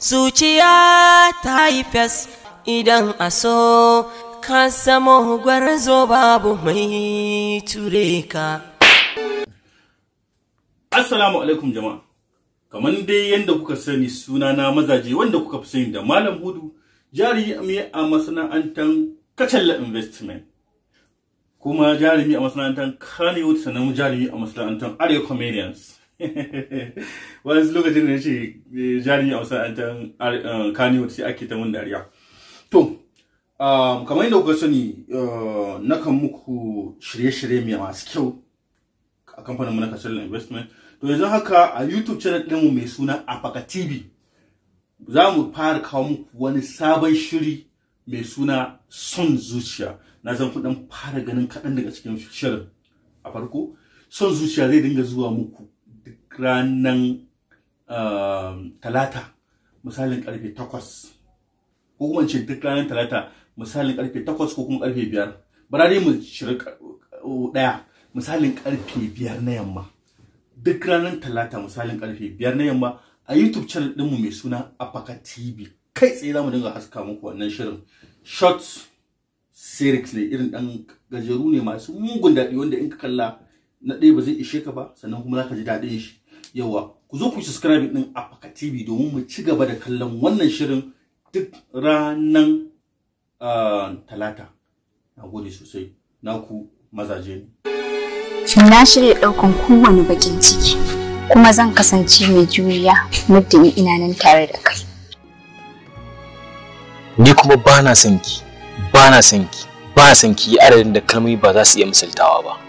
zuciya ta yi fes idan aso ka samo gwarzo babu mai ture ka assalamu alaikum jama'a kamar dai yadda kuka sani suna na mazaje wanda kuka fi sani da malam hudu jarumi a masana'antar kacalla investment kuma jarumi a masana'antar kanewood sanannu jarumi a masana'antar arewa comedians wani lokacin da ya ce eh, jari a wasu kani wata sai ake ta mun dariya to um, kamar yadda kuka sani uh, na kan muku shirye-shirye mai masu kyau a kamfanin na kasar investment to yanzu haka a youtube channel ɗinmu mai suna afaka tv za mu fara kawo muku wani sabon shiri mai suna son zuciya na zan kuɗin fara ganin kaɗan daga cikin shirin a farko son zuciya zai dinga zuwa muku Ranan ranar um, talata misalin karfe takwas ko kuma ce duk ranar talata misalin karfe takwas ko kuma karfe biyar bara dai mu shirin uh, daya misalin karfe biyar na yamma duk ranar talata misalin karfe biyar na yamma a youtube channel dinmu mai suna apaka tv kai tsaye za mu dinga haska muku wannan shirin shots ne irin dan gajeru ne masu mugun daɗi wanda in ka kalla na ɗaya ba zai ishe ka ba sannan kuma za ka ji daɗin shi yawa ku zo ku subscribe din Afaka TV domin mu ci gaba da kallon wannan shirin duk ranan ah, talata nagode sosai naku mazaje shin na shirya daukan kowane bakin ciki kuma zan kasance mai juriya muddin ina nan tare da kai ni kuma ba na son ba na sanki ba na sanki adadin da kalmomi ba za su iya misaltawa ba